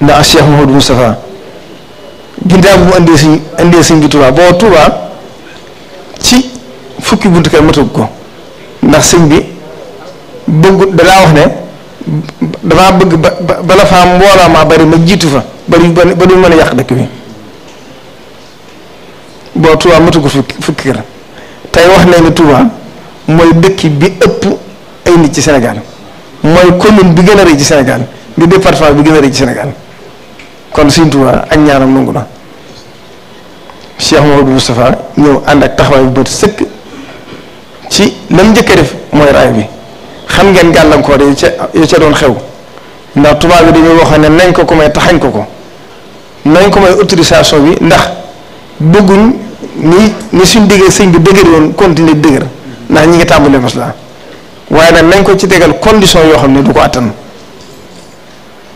ndax ak Cheikh Mouhamadou Moustapha ginnaaw bu mu indee suñ indee suñ bi Touba boo ci fukki buntu kër matug ko ndax sëñ bi bëggu dalaa wax ne damaa bëgg ba bala faa mbooloo maa bari ma jiitu fa ba duñ ba duñ mën a yàq dëkk bi boo Touba matugul fukki fukki kër tey wax ne ne Touba mooy dëkk bi ëpp ay nit ci Sénégal mooy commune bi gën a rëy ci Sénégal di département bi gën a rëy ci kon Sëriñ Tuubaa ak ñaanam nangu na Cheikh Mamadou Moustapha ñëw ànd ak taxawaay bu bët sëkk ci lam njëkk a def mooy raay bi xam ngeen gàllankoor yi ca yi ca doon xew ndax tubaab bi dañuy waxoon ne nañ ko ko may taxañ ko ko nañ ko may autorisation bi ndax bëgguñ ni ni suñ diggee sëñ bi dëgër woon continuer dëgër ndax ñi ngi tàmbalee maslaa waaye nag nañ ko ci tegal condition yoo xam ne du ko attan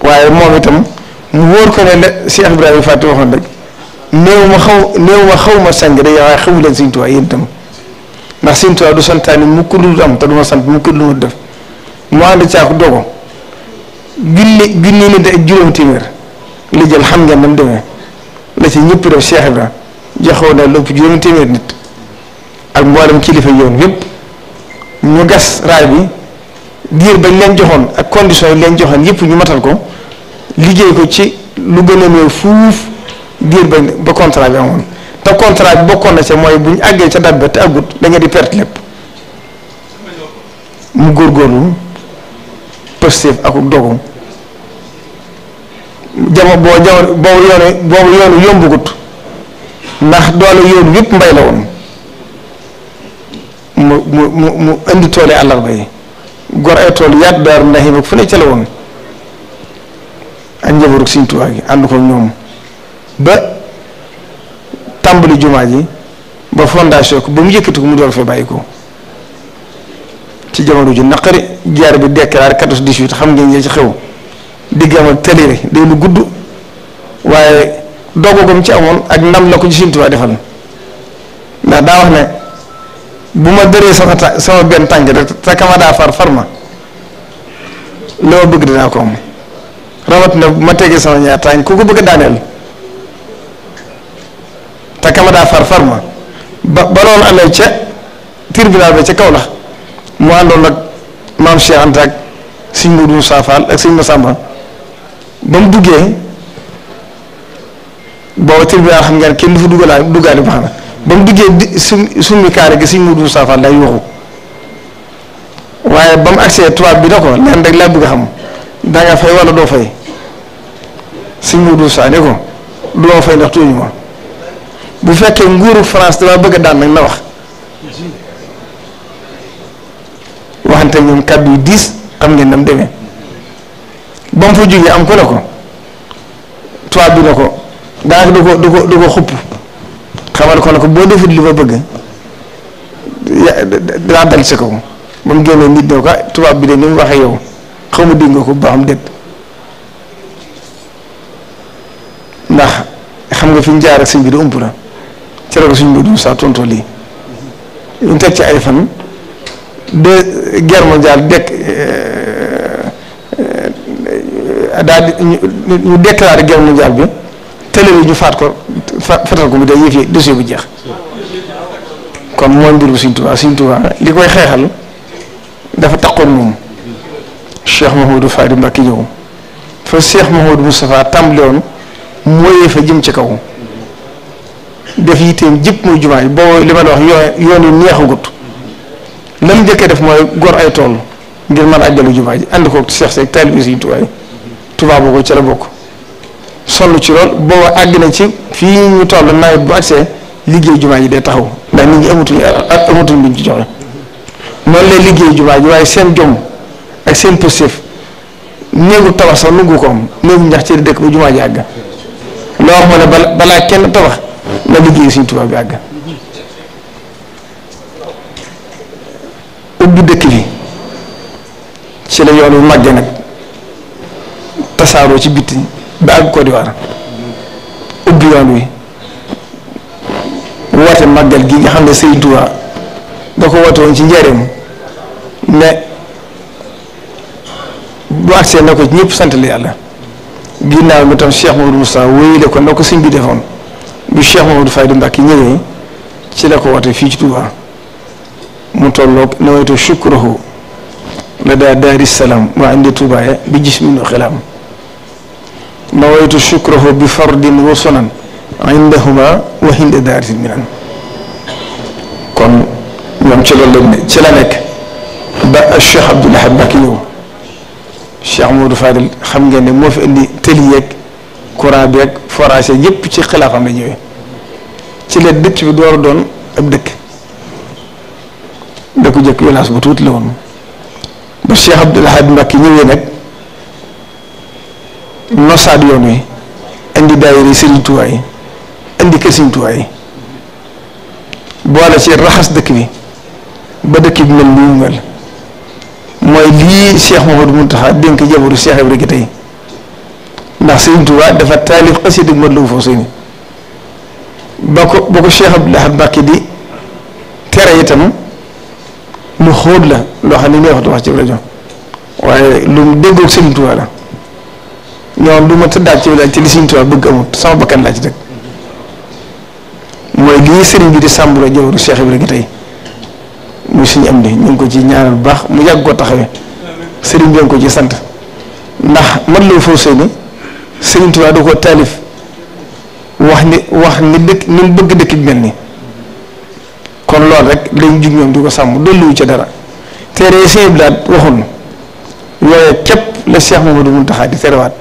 waaye moom itam. mu wóor ko ne la Cheikh Ibrahima Faty waxoon rek néew ma xaw néew ma xaw ma sàng de waaye xamu leen Sëñ Tuubaa yéen itam ndax Sëñ Tuubaa du santaani mukk lu am te du ma sant mukk lu ma def mu ànd caako dogo junni junni ak juróom téeméer li jël xam ngeen nam demee la ci ñëpp def Cheikh Ibrahima joxoon na lépp juróomi téeméer nit ak mboolem kilifa yoon yëpp ñu gas raay bi diir bañ leen joxoon ak condition yi leen joxoon yëpp ñu matal ko. liggéey ko ci lu gën a néew fuuf diir ba ba contrat bi amoon te contrat bi bokkoon na ca mooy bu ñu àggee ca date ba te àggut da nga di perte lépp mu góorgóorlu pësteef ak dogu jama boo jamono boobu yoonu boobu yoonu ndax doole yoon yëpp mbay la woon mu mu mu mu indi tool àllarba yi gor ay yaat daar ndax yi mag fu ne ca woon ak njabootu Sëriñ Tuubaa gi ànd ko ñoom ba tàmbali jumaa ji ba fondation ko ba mu yëkkati ko mu door fee bàyyi ko ci jamono ji naqari jaar bi déclaré 14 18 xam ngeen ñee ci xew diggam ak tëlëre day lu gudd waaye doggagum ci amoon ak ndam la ko ci Sëriñ Tuubaa defal ndax daa wax ne bu ma dëree sama ta sama benn tànk rek te kama daa far far ma loo bëgg dinaa ko am rawat na ma tegee sama ñaar tànk ku ko bëgg a daaneel te kama daa far far ma ba ba amee ca tribunal ba ca kaw la mu àndoon nag maam Cheikh Anta ak sëñ Modou Moussa Fall ak sëñ Massamba ba mu duggee booba tribunal xam ngeen kenn du fa duggalaa duggaale baax duggee su summi kaare gi sëñ Modou Moussa Fall day waxu waaye ba mu agsee tubaab bi da ko leen rek laa bëgg a xam danga fay wala doo fay suñ Modou Sa ne ko du ma fay ndax tooñu ma bu fekkee nguuru France dama bëgg a daan nag na wax waxante ñoom kàddu yu diis xam ngeen nam deme ba mu fa jógee am ko ne ko tubaab bi ne ko daanaka du ko du ko du ko xupp xamal ko ne ko boo defut li ma bëgg dinaa dal sa kaw ba mu génnee nit ne ko ah, tubaab bi de ni mu waxee yow xaw ma dégg ko baax am xam nga fi ñu jaar ak sëñ bi da ëmp na ci la ko suñ Modou Moussa tontoo lii ñu teg ci ay fan de guerre mondiale dekk euh, daal ñu déclaré guerre mondiale bi télé bi ñu faat ko fatal ko mu dee yëf dossier bu jeex kon mooy mbir bu suñ Tuubaa suñ li koy xeexal dafa taxoon moom Cheikh Mouhamadou Fadi Mbacké ñëw fa Cheikh Mouhamadou Moustapha tàmbale mooyee fa jëm ci kaw def yitteem jëpp muy jumaa ji boo li ma la wax yoon yi neexagut lam njëkkee def mooy gor ay tool ngir mën a àjjalu jumaa ji ànd ko Cheikh Seck taalibe yi tubaab yi tubaab ko ci la bokk sonn ci lool booba àgg na ci fii ñu toll nawet bu àggsee liggéey jumaa ji day taxaw ndax nit ñi amatuñu amatuñu luñ ci joxe noonu lay liggéey jumaa ji waaye seen jom ak seen positif néegu tabax sax nungu ko am néegu ñax ci dëkk jumaa ji àgg loo wax ma ne balaa kenn tabax na liggéey suñ tubaab bi àgg ubbi dëkk bi ci la yoon bu màggee nag tasaaroo ci bitti ba àgg Côte d'Ivoire ubbi yoon wi woote màggal gi nga xam ne Sëriñ Tuubaa da ko woote woon ci njëriñ ne bu àggsee na ko ñépp sant la yàlla. ginnaaw bi tam Cheikh Mamadou Moustapha wéyale ko na ko sëñ bi defoon bi Cheikh Mamadou Faye di Mbàkke ci la ko woote fii ci Touba mu tolloog nawaytu shukrahu la daa daari salaam waa indi Touba ya bi gis min xilaam nawaytu shukrahu bi fardin wa sunan indahuma wa hinda daari minan kon ñoom ci loolu lañ ne ci la nekk ba Cheikh Abdoul Ahad Mbàkke ñëw Cheikh Modou Fadil xam ngeen ne moo fi indi tëli yeeg courant beeg yépp ci xilaafam la ñëwee ci la dëkk bi door a doon ab dëkk dëkku jëkk village bu tuuti la woon ba Cheikh Abdoul Ahad Mbacké ñëwee nag nosaat yoon wi indi daayira Sëriñ indi kër boole ci raxas dëkk bi ba dëkk bi mel ni mu mel. mooy lii Cheikh Mouhamadou Mountakha dénk jabaru Cheikh Ibrahima tey ndax Serigne Touba dafa taalif xasida mat la foofu sëñ ba ko ba itam lu xoot la loo xam ne neexatu wax ci rajo waaye lu mu déggoog Serigne Touba la ñoom du ma tëddaat ci village ci li Serigne Touba bëgg amut sama bakkan laa ci dëkk mooy lii Serigne bi di sàmbura jabaru Cheikh Ibrahima tey. muy suñu am di ñu ko ci ñaanal bu baax mu yàgg koo taxawee sëriñ bi ko ci sant ndax man la foo sëy ni sëriñ Tuubaa da ko taalif wax ni wax ni dëkk ni mu bëgg dëkk mel ni kon lool rek dañ jug ñoom di ko sàmm dolliwu ci dara teere sëñ bi daal waxul yooye képp la Cheikh Mamadou Mountakha di terewaat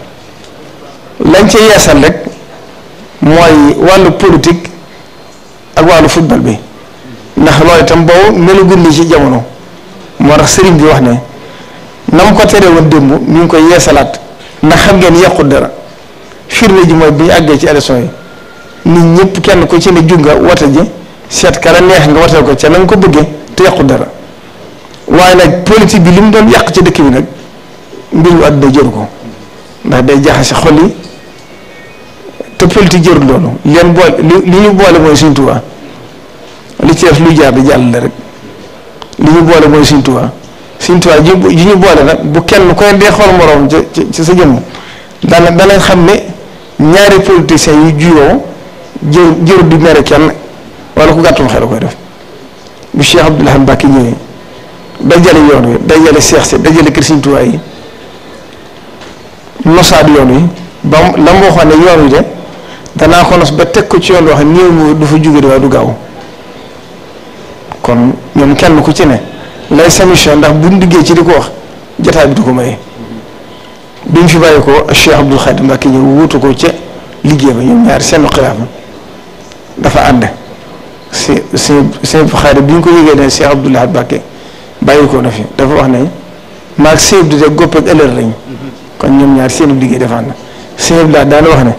lañ ci yeesal rek mooy wàllu politique ak wàllu futbal bi ndax loolu itam boo melagul ni ci jamono moo tax sëriñ bi wax ne na mu ko teree woon dëmb ñu ngi koy yeesalaat ndax xam ngeen yàqul dara firnde ji mooy bi ñu àggee ci élection yi nit ñëpp kenn ku ci ne jug nga wate ji seet ka la neex nga wateel ko ca na nga ko bëggee te yàqul dara waaye nag politique bi li mu doon yàq ci dëkk bi nag mbir mu àdduna jëru ko ndax day jaxase xol yi te politique jëru loolu leen boole li ñu boole mooy Sëriñ Tuubaa li ci def lu jaar di jàll la rek li ñu boole mooy Sëriñ Tuubaa Sëriñ Tuubaa ji ñu boole nag bu kenn koy dee xool moroom ci sa jëmm dana danañ xam ne ñaari politiciens yu juyoo jër jër di mere kenn wala ku gàttum xel koy def bu Cheikh Abdoul Ahad Mbacké ñëwee dajale yoon wi dajale seex si dajale kër Sëriñ Tuubaa yi nosaat yoon wi ba la mu waxoon ne yoon wi de danaa ko nos ba teg ko ci yoon wax néew du fa jóge waaye du gaaw kon ñoom kenn ku ci ne lay sa ndax buñ liggéey ci di ko wax jataay ko maye bi ñu fi bàyyi ko Cheikh Abdoul Khadim Mbacké ñëw wuutu ko ca liggéey ba ñoom ñaar dafa ànd si si bi ñu ko yëgee ne Cheikh Abdoul Ahad Mbacké bàyyi ko na fi dafa wax ne maag Sèye Diouf gopp ak ëllëg lañu kon ñoom ñaar seen liggéey defaan na Sèye laa daal wax ne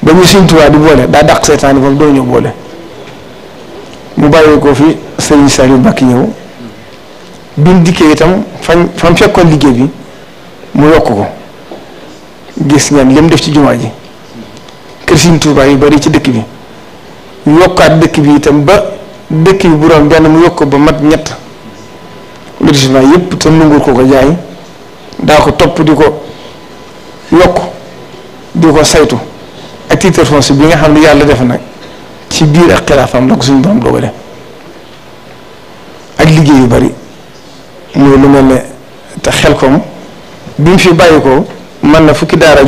ba ñu Sëñ Tuubaa di boole daa dàq seytaane boobu doo ñëw boole. mu bàyyi ko fi sëriñ Saliou Mbacke ñëw bi dikkee itam fañ fañ fekkoon liggéey bi mu yokk ko gis ngeen li def ci jumaa ji kër Sëriñ Tuubaa yi bari ci dëkk bi yokkaat dëkk bi itam ba dëkk bi bu doon benn mu yokk ba mat ñett lotissement yëpp te nanguwul ko ko jaay daa ko topp di ko yokk di ko saytu ak titre foncier bi nga xam ne yàlla defe nag ci biir ak xilaafaam la ko suñu borom dogale ak liggéey yu bari muy lu mel ne te xel koom bi mu fi bàyyi ko mën na fukki daara